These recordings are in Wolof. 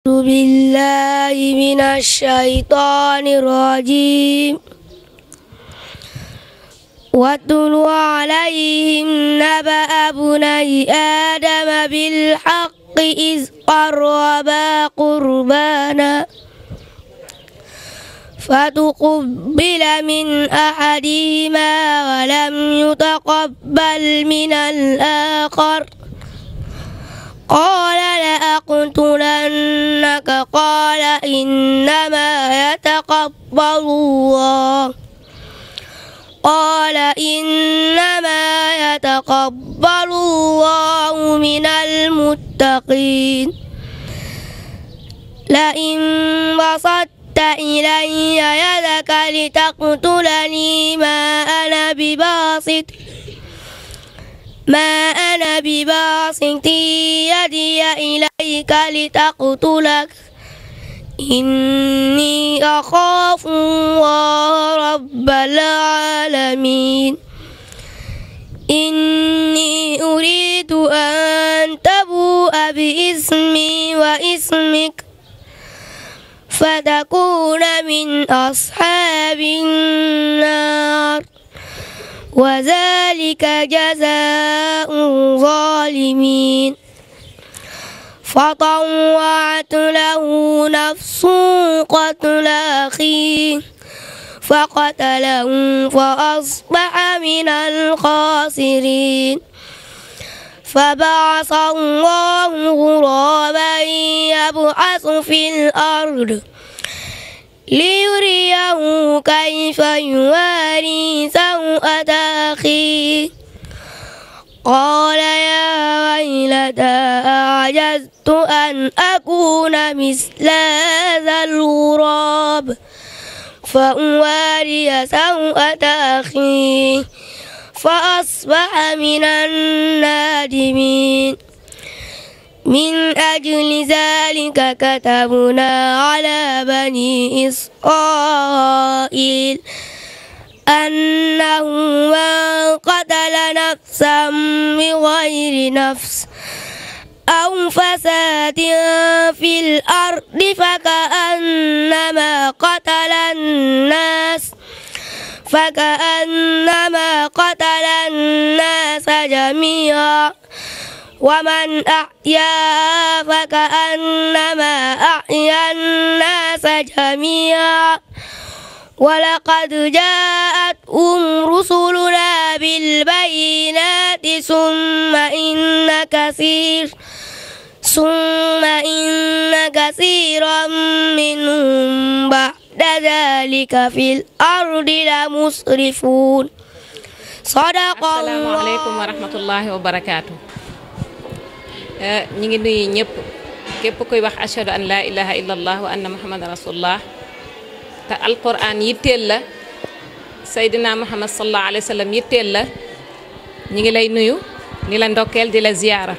أعوذ بالله من الشيطان الرجيم واتل عليهم نبأ بني آدم بالحق إذ قربا قربانا فتقبل من أحدهما ولم يتقبل من الآخر قال لأقتلنك قال إنما يتقبل الله قال إنما يتقبل الله من المتقين لئن بسطت إلي يدك لتقتلني ما أنا بباسط ما أنا بباسط يدي إليك لتقتلك إني أخاف الله رب العالمين إني أريد أن تبوء بإسمي وإسمك فتكون من أصحاب النار وذلك جزاء الظالمين فطوعت له نفس قتل أخيه فقتله فأصبح من الخاسرين فبعث الله غرابا يبعث في الأرض ليريه كيف يواري سوء أخيه قال يا ويلتى أعجزت أن أكون مثل هذا الغراب فأواري سوء أخي فأصبح من النادمين من أجل ذلك كتبنا على بني إسرائيل أنه من قتل نفسا بغير نفس أو فساد في الأرض فكأنما قتل الناس فكأنما قتل الناس جميعا ومن أحيا فكأنما أحيا الناس جميعا ولقد جاءتهم رسلنا بالبينات ثم إن كثير ثم إن كثيرا منهم بعد ذلك في الأرض لمسرفون صدق الله السلام عليكم ورحمة الله وبركاته ñi ngi nuyu ñëpp képp kuy wax ashhadu an laa ilaha illallah wa anna muhammadan rasulullah te alquran yitteel la saydina muhammad sallallahu alayhi wa sallam yitteel la ñi ngi lay nuyu di la ndokkeel di la ziyaara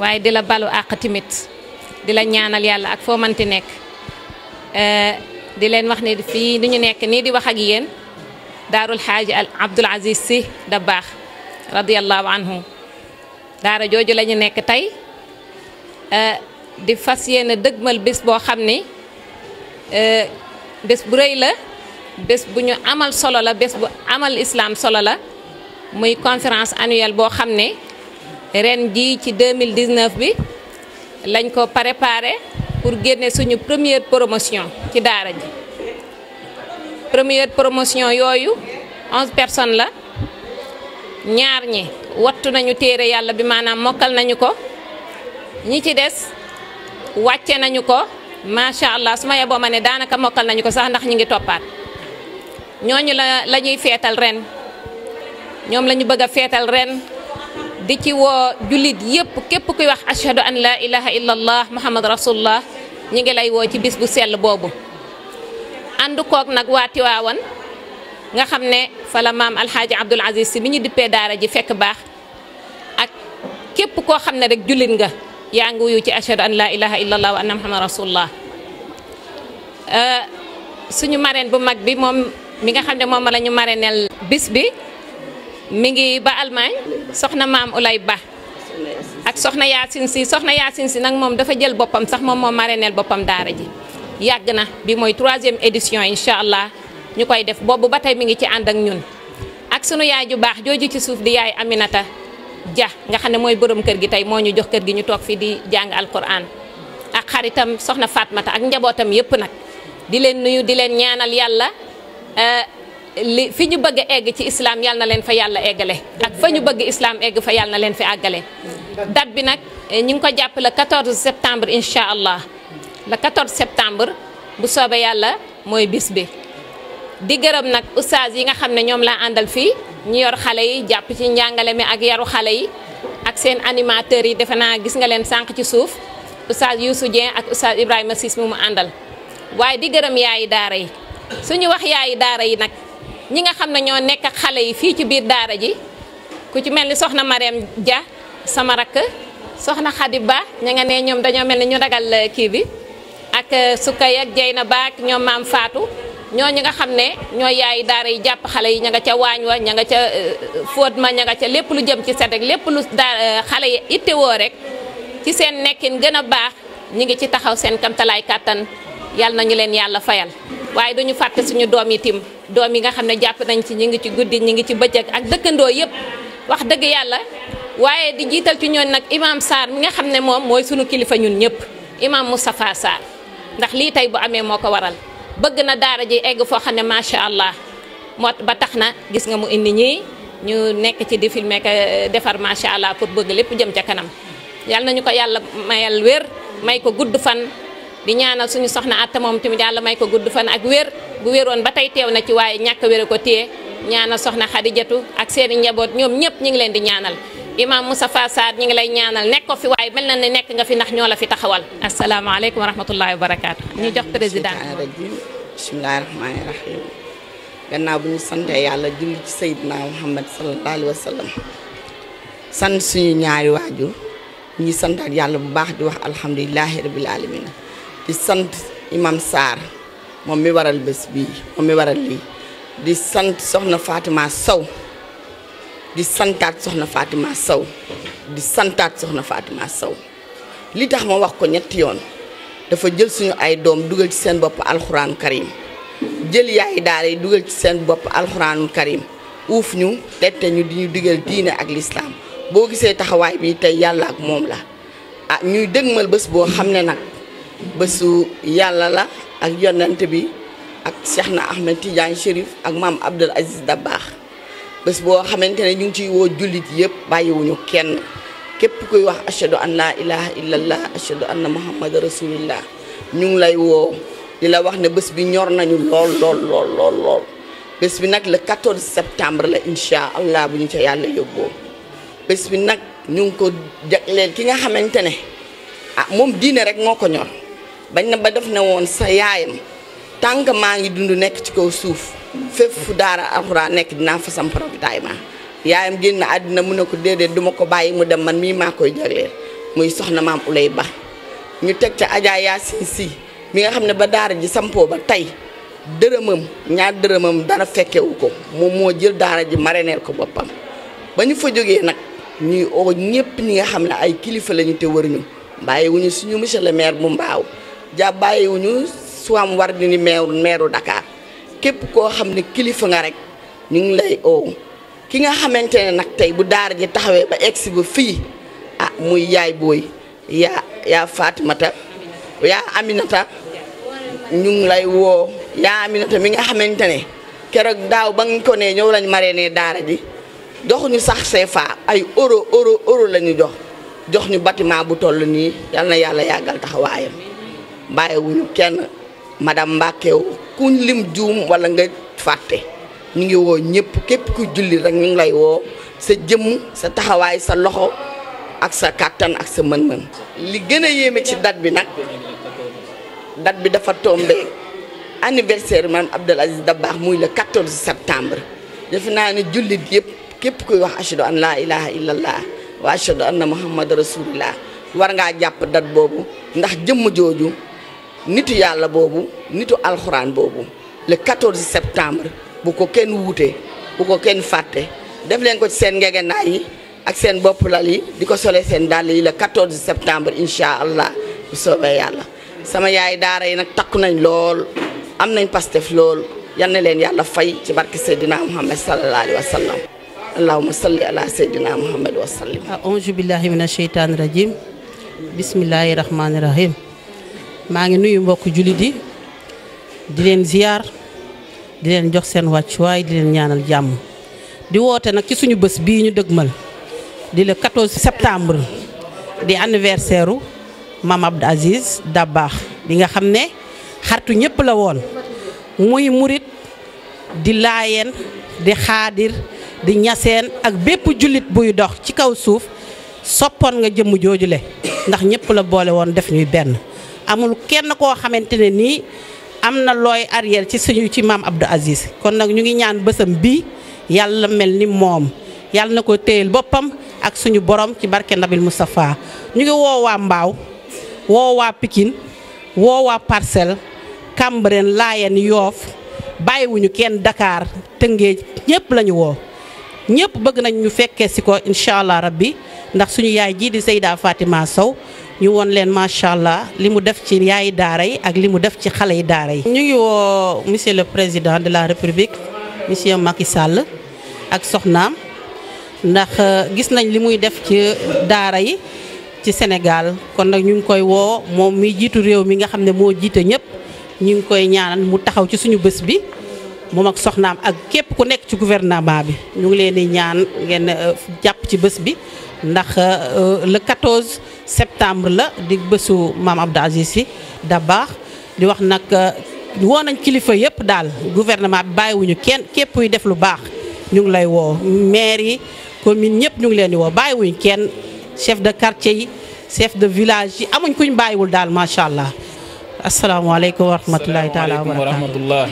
waaye di la balu àq tamit di la ñaanal yàlla ak foo manti nekk di leen wax ne fii ni ñu nekk nii di wax ak yéen daarul xaaji abdul aziz si da baax radiallahu anhu daara jooju la ñu nekk tey eh, di fas yéene dëgmal bés boo xam ni eh, bés bu rëy la bés bu ñu amal solo la bés bu amal islam solo la muy conférence annuelle boo xam ne ren ji ci 2019 bi lañ ko préparé pour génne suñu première promotion ci daara ji première promotion yooyu onze la ñaar ñi wattu nañu téere yàlla bi maanaam mokkal nañu ko ñi ci des wàcce nañu ko macha allah su ma yeboo ma ne daanaka mokkal nañu ko sax ndax ñi ngi toppaat ñooñu la la ñuy feetal ren ñoom lañu ñu bëgg feetal ren di ci woo jullit yépp képp kuy wax ashhadu an laa ilaha illa allah muhammad rasulullah ñi ngi lay woo ci bis bu sell boobu ànd koog nag waa Tiwaawan nga xam ne fa la maam alxaaji abdul aziz si mi ñu dippee daara ji fekk baax ak képp koo xam ne rek jullit nga yaa ngi wuyu ci ashadu an laa ilaha illallah wa anna muhammad rasulullah euh, suñu marraine bu mag bi moom mi nga xam ne moom la ñu bis bi mi ngi ba Allemagne soxna mam Ulay Ba ak soxna Yaasin si soxna Yaasin si nag moom dafa jël boppam sax moom moo marraineel boppam daara ji yàgg na bi mooy troisième édition incha allah ñukoy def bobu batay mi ngi ci and ak ñun ak suñu yaay ju baax joju ci suuf di yaay Aminata ja nga xamne moy borom kër gi tay mo ñu jox kër gi ñu tok fi di jang alquran ak xaritam soxna Fatmata ak njabotam yépp nak di len nuyu di len ñaanal euh li fi ñu bëgg ci islam Yalla na len fa yalla eggale ak fa ñu bëgg islam egg fa yalla na len fi agalé dat bi nak eh, ñu ngi ko japp le 14 septembre inshallah allah le 14 septembre bu soobee yalla moy bis di gërëm nak oustaz yi nga xamne ñom la andal fi fii ñu yor xalé yi japp ci ñangalé mi ak yaru xalé yi ak seen animateur yi defena gis nga len sank ci suuf oustaz Youssou Dieng ak oustaz Ibrahima sis mu andal waaye di gërëm yaayi daara yi suñu wax yaayi daara yi nak ñi nga xamne ño nek ak yi fi ci biir daara ji ku ci melni soxna mariam Dia sama rak soxna khadiba Ba ña nga ne ñom dañu melni ñu ragal eh, ki bi ak eh, Sukay ak jeyna bak ñom mam Fatou ñoo ñu nga xam ne ñoo yaayi daara yi jàpp xale yi ña nga ca waañ wa ña nga ca euh, fóot ma ña nga ca lépp lu jëm ci set lépp lu daa euh, xale yi ittewoo rek ci seen nekkin gën a baax ñi ngi ci taxaw seen kamtalaay kàttan yàlla nañu leen yàlla fayal waaye dañu fàtte suñu doom yi tim doom yi nga xam ne jàpp nañ ci ñi ngi ci guddi ñi ngi ci bëccëg ak dëkkandoo yëpp wax dëgg yàlla waaye di jiital ci ñooñ nag imam Sarr mi nga xam ne moom mooy suñu kilifa ñun ñëpp imam Moustapha Sarr ndax lii tey bu amee moo ko waral bëgg na daara ji egg foo xam ne macha allah moo ba tax na gis nga mu indi ñii ñu nekk ci di filmer ka euh, defar macha allah pour bëgg lépp jëm ca kanam yal nañu ko yàlla mayal wér may ko gudd fan di ñaanal suñu soxna Atta moom tamit yàlla may ko gudd fan ak wér bu wéroon ba tey teew na ci waaye ñàkk wér ko téye ñaanal soxna Xadijatu ak seeni njaboot ñoom ñëpp ñu ngi leen di ñaanal imam Moustapha Sarr ñi ngi lay ñaanal nekk ko fi way melna na ne nekk nga fi ndax ñola fi taxawal assalamu alaykum wa rahmatullahi wa barakatuh ñu jox président bismillahir rahmanir rahim gannaaw bu ñu sante yàlla jull ci Seydina Muhammad sallallahu alaihi wasallam san suñu ñaari waju ñi santaat yàlla bu baax di wax alhamdulillah rabbil alamin di sante imam sar mom mi waral bés bi mom mi waral li di sante soxna Fatima Sow di santaat soxna Fatima Sow di santaat soxna Fatima Sow li tax ma wax ko ñetti yoon dafa jël suñu ay doom dugal ci seen bopp alxuraanu karim jël yaay daara yi dugal ci seen bopp alxuraanu karim uuf ñu tette ñu di ñu digal diine ak lislaam boo gisee taxawaay bi tey yàlla ak moom la a ah, ñuy dëgmal bés boo xam ne nag bésu yàlla la ak yonent bi ak Cheikh na Ahmed Tidiane Chérif ak maam Abdul Aziz Dabakh bés boo xamante ne ñu ngi ciy woo jullit yëpp bàyyiwuñu kenn képp kuy wax ashadu an laa ilaha illallah ashadu anna muhammad rasulillah ñu ngi lay woo di la wax ne bés bi ñor nañu lool lool lool lool bés bi nag le 14 septembre la incha allah bu ñu ci yàlla yóbboo bés bi nag ñu ngi ko jagleel ki nga xamante ne ah moom diine rek moo ko ñor bañ na ba def na woon sa yaayam tant que maa ngi dund nekk ci kaw suuf fépp fu daara alxuraan nekk dinaa fa samp ravitaillement yaayam génn àddina mu ne ko déedéet duma ko bàyyi mu dem man mii maa koy jagleel muy soxna maam ulay ba ñu teg ca Adja Yaasin si mi nga xam ne ba daara ji sampoo ba tey dërëmam ñaar dërëmam dara fekkewu ko moom moo jël daara ji mareneel ko boppam ba ñu fa jógee nag ñuy oo ñëpp ñi nga xam ne ay kilifa lañu te wër ñu bàyyiwuñu suñu monsieur le maire bu mbaaw ja Suam war di ni meeru meeru Dakar kep ko xam kilifa nga rek ñu ngi lay o ki nga xamante ne nag bu daara ji taxawee ba egsi bu fi ah muy yaay booy ya ya Fatimata ya Aminata ñu ngi lay wo ya Aminata mi nga xamante ne keroog daaw ba nga ko ne ñëw lañ maree ne daara ji doxuñu sax CFA ay euro euro euro la ñu jox jox ñu bâtiment bu toll ni yalla yalla yagal taxawayam baye kenn madame Mbacke kuñ lim juum wala nga fàtte ñu ngi woo ñëpp képp ku julli rek ñu ngi lay woo sa jëmm sa taxawaay sa loxo ak sa kàttan ak sa mën-mën. li gën a yéeme ci date bi nag date bi dafa tombé anniversaire maam Abdoul Aziz Dabakh muy le 14 septembre defe naa ne jullit yëpp képp kuy wax ashadu an laa ilaha illallah wa ashadu anna muhammad rasulillah war ngaa jàpp date boobu ndax jëmm jooju. nitu yàlla boobu nitu alxuraan boobu le 14 septembre bu ko kenn wuute bu ko kenn fàtte def leen ko ci seen ngegenaay yi ak seen bopp lal yi di ko solee seen dàll yi le 14 septembre incha allah bu soobee yàlla sama yaay daara yi nag takku nañ lool am nañ pastef lool yan ne leen yàlla fay ci barke Seydina Muhammad sallallahu alayhi wa sallam allahumma salli ala Seydina Muhammad wa sallim. auzu billahi mina sheytaani rajim bismillahi rahmaani rahim. maa ngi nuyu mbokk jullit yi di leen ziyaar di leen jox seen wàccuwaay di leen ñaanal jàmm di woote nag ci suñu bés bii ñu dëgmal di le 14 septembre di anniversaire mamab Mame Abdou Aziz bi nga xam ne xartu ñëpp la woon muy murit di laayeen di xaadir di ñaseen ak bépp jullit buy dox ci kaw suuf soppoon nga jëmm joojule ndax ñëpp la boole woon def ñuy benn amul kenn koo xamante ne nii am na looy arrière ci suñu ci maam Abdou Aziz kon nag ñu ngi ñaan bësëm bi yàlla mel ni moom yàlla na ko téyel boppam ak suñu borom ci barke Nabil Moustapha ñu ngi woo waa Mbaaw woo waa Pikine woo waa Parcelles Cambérène Yoof bàyyiwuñu kenn dakaar Tëngéej ñëpp lañu woo ñëpp bëgg nañ ñu fekkee si ko incha allah rabbi ndax suñu yaay jii di seydaa faatimaa Sow ñu woon leen macha allah li mu def ci yaayi daara yi ak li mu def ci xale yi daara yi. ñu ngi woo monsieur le président de la république monsieur Macky Sall ak soxnaam ndax euh, gis nañ li muy def ci daara yi ci Sénégal kon nag ñu ngi koy woo moom muy jiitu réew mi nga xam ne moo jiite ñëpp ñu ngi koy ñaanal mu taxaw ci suñu bés bi. moom ak soxnaam ak képp ku nekk ci gouvernement bi ñu ngi leen di ñaan ngeen euh, jàpp ci bés bi. ndax euh, le 14 septembre la di bësu maam Abdou Aziz Sy baax di wax nag euh, woo nañ kilifa yëpp daal gouvernement bi bàyyiwuñu kenn képp kuy def lu baax ñu ngi lay woo maire yi commune ñëpp ñu ngi leen di woo bàyyiwuñ kenn chef de quartier yi chef de village yi amuñ kuñ bàyyiwul daal macha allah asalaamaaleykum wa rahmatulahi taala wa rahmatullah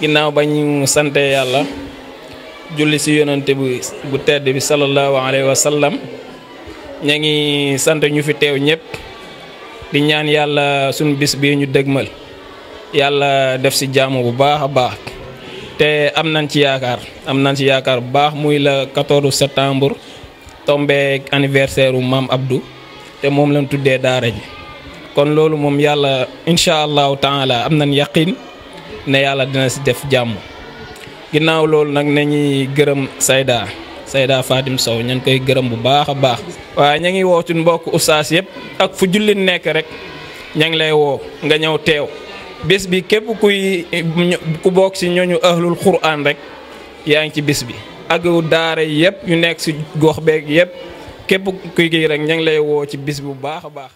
ginnaaw bañ sante yàlla julli si yonante bu bu tedd bi sallallahu alayhi wa sallam ña ngi sant ñu fi teew ñëpp di ñaan yàlla suñ bis bi ñu dëgmal yàlla def si jàmm bu baax a baax te am nañ ci yaakaar am nañ ci yaakaar bu baax muy la 14 septembre tombé anniversaire u maam Abdou te moom lañ tuddee daara ji kon loolu moom yàlla incha allahu taala am nañ yaqin ne yàlla dina si def jàmm. ginnaaw loolu nag nañuy gërëm Sayda Sayda Fatim Sow ña koy gërëm bu baax a baax. waa ña ngi woo ci mbokk ustaas yëpp ak fu jullit nekk rek ña ngi lay woo nga ñëw teew bés bi képp kuy ku bokk si ñooñu ahlul quraan rek yaa ngi ci bis bi. ak daara yëpp yu nekk si gox beeg yëpp képp kuy kii rek ña ngi lay woo ci bis bu baax a baax.